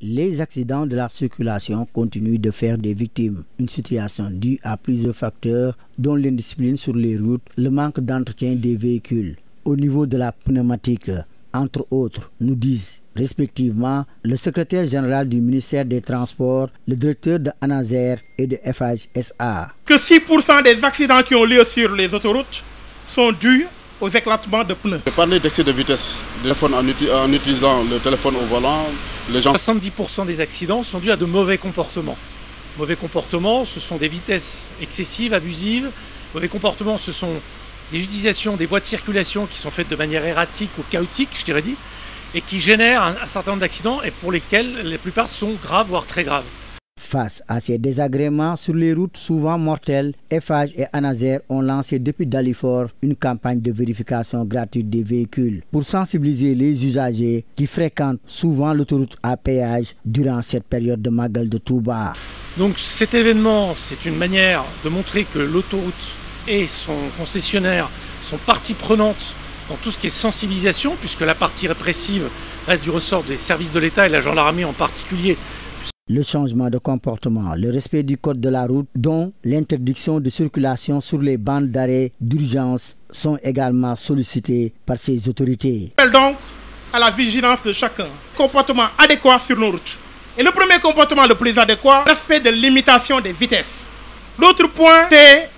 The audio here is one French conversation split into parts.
Les accidents de la circulation continuent de faire des victimes, une situation due à plusieurs facteurs dont l'indiscipline sur les routes, le manque d'entretien des véhicules, au niveau de la pneumatique, entre autres, nous disent respectivement le secrétaire général du ministère des Transports, le directeur de ANAZER et de FHSA. Que 6% des accidents qui ont lieu sur les autoroutes sont dus aux éclatements de d'excès de vitesse, téléphone en, utilisant le téléphone au volant. Les gens... 70% des accidents sont dus à de mauvais comportements. Mauvais comportements, ce sont des vitesses excessives, abusives. Mauvais comportements, ce sont des utilisations des voies de circulation qui sont faites de manière erratique ou chaotique, je dirais dit, et qui génèrent un certain nombre d'accidents et pour lesquels la plupart sont graves, voire très graves. Face à ces désagréments sur les routes souvent mortelles, FH et Anazer ont lancé depuis Dalifor une campagne de vérification gratuite des véhicules pour sensibiliser les usagers qui fréquentent souvent l'autoroute à péage durant cette période de magal de Touba. Donc cet événement, c'est une manière de montrer que l'autoroute et son concessionnaire sont partie prenante dans tout ce qui est sensibilisation, puisque la partie répressive reste du ressort des services de l'État et la gendarmerie en particulier, le changement de comportement, le respect du code de la route, dont l'interdiction de circulation sur les bandes d'arrêt d'urgence sont également sollicités par ces autorités. Donc, à la vigilance de chacun, comportement adéquat sur nos routes. Et le premier comportement le plus adéquat, respect de limitation des vitesses. L'autre point, c'est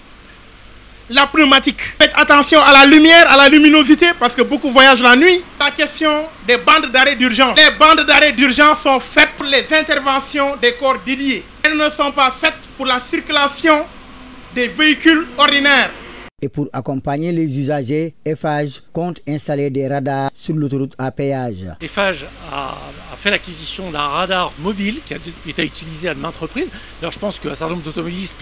la pneumatique. Faites attention à la lumière, à la luminosité, parce que beaucoup voyagent la nuit la question des bandes d'arrêt d'urgence. Les bandes d'arrêt d'urgence sont faites pour les interventions des corps dédiés. Elles ne sont pas faites pour la circulation des véhicules ordinaires. Et pour accompagner les usagers, EFAGE compte installer des radars sur l'autoroute à péage. EFAGE a, fait l'acquisition d'un radar mobile qui a été utilisé à maintes reprises. je pense qu'un certain nombre d'automobilistes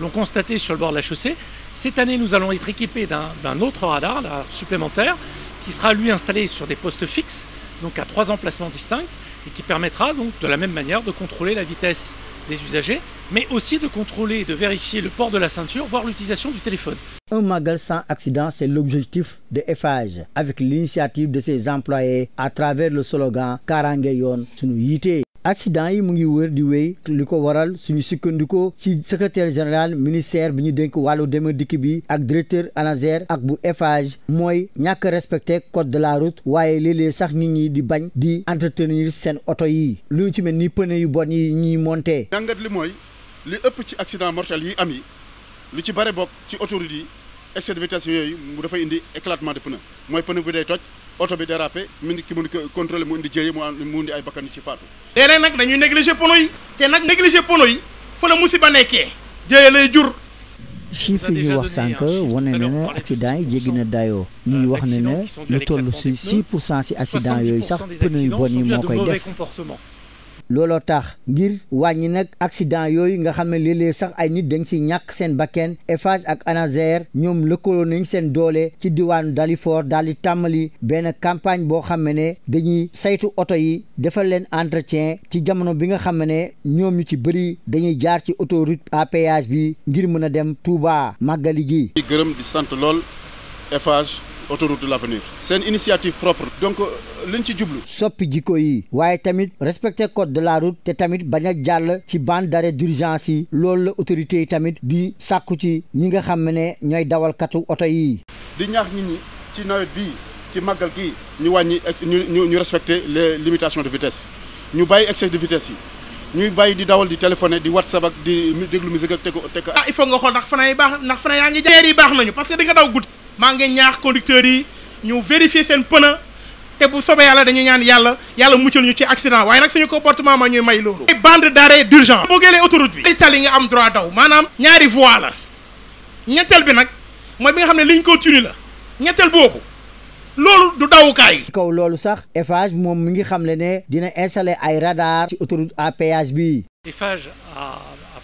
l'ont constaté sur le bord de la chaussée. Cette année, nous allons être équipés d'un autre radar, un radar supplémentaire qui sera lui installé sur des postes fixes, donc à trois emplacements distincts, et qui permettra donc de la même manière de contrôler la vitesse des usagers, mais aussi de contrôler et de vérifier le port de la ceinture, voire l'utilisation du téléphone. Un magasin sans accident, c'est l'objectif de FH, avec l'initiative de ses employés à travers le slogan Karangeyon yite » accident yi mu ngi wër di wéy li ko waral suñu sukkandiko ci secrétaire général ministère bi ñu dénk wàllu dema dikk bi ak directeur ANASER ak bu Eiffage mooy ñàkk respecté code de la route waaye léeg-léeg sax nit ñi di bañ di entretenir seen oto yi lu ci mel ni pneu yu bon yi ñuy monté jàngat li mooy li ëpp ci accident mortel yi am yi lu ci bare bokk ci autorité yi excès de vitesse yooyu mu dafay indi éclatement de pneu mooy pneu bi day toj oto bi dérapé mu indi ki mun contrôlé mu indi jéye mu indi ay bakkan yu ci faatu léeg-léeg nag dañuy négliger pono yi te nag négliger la musiba nekkee jéye lay jur chiffre yi ñu wax sànq wane na ne accident yi na dayoo ñuy wax ne ne lu toll si 6 pour cent si accident yooyu sax pneu bon yi moo koy def looloo tax ngir wàññi nag accident yooyu nga xam ne léeg-léeg sax ay nit dañ si ñàkk seen bakken Eiffage ak ANASER ñoom lëkkaloo nañ seen doole ci diwaanu Dalifort daal di tàmmali benn campagne boo xam ne dañuy saytu oto yi defal leen entretien ci jamono bi nga xam ne ñoom ñu ci bëri dañuy jaar ci autoroute à péage bi ngir mën a dem Touba màggali ji gërëm di sant lool Eiffage autoroute de l'avenir C'est une initiative propre donc euh, liñ ci jublu soppi tamit respecter code de la route te tamit jal, a ci bande d'arrêt d'urgence yi l'autorité tamit di sàkku ci ñi nga dawal ne otayi. yi di ñaax respecter les limitations de vitesse ñu pas excès de vitesse yi ñuy di dawal di téléphoner di whatsapp di déglu musique ak ko ah il faut nga xol ndax fana yi parce que di nga daw maa ngi ñaax conducteurs yi ñu vérifier seen pneu te bu soobee yàlla dañuy ñaan yàlla yàlla muccal ñu ci accident waaye nag suñu comportement ma ñuy may loolu. ay bande d'arrêt d'urgence. boo gëlee autoroute bi. ay tali nga am droit daw maanaam. ñaari voie la ñetteel bi nag mooy bi nga xam ne ligne continue la ñetteel boobu. loolu du dawukaay. kaw loolu sax Eiffage moom mi ngi xam ne dina installer ay radar ci autoroute à péage bi. Eiffage a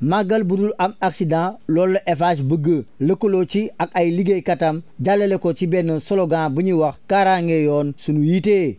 màggal bu dul am accident loolu la Eiffage bëgg lëkkaloo ci ak ay liggéeykatam jàllale ko ci benn slogan bu ñuy wax kaaraange yoon sunu yiite.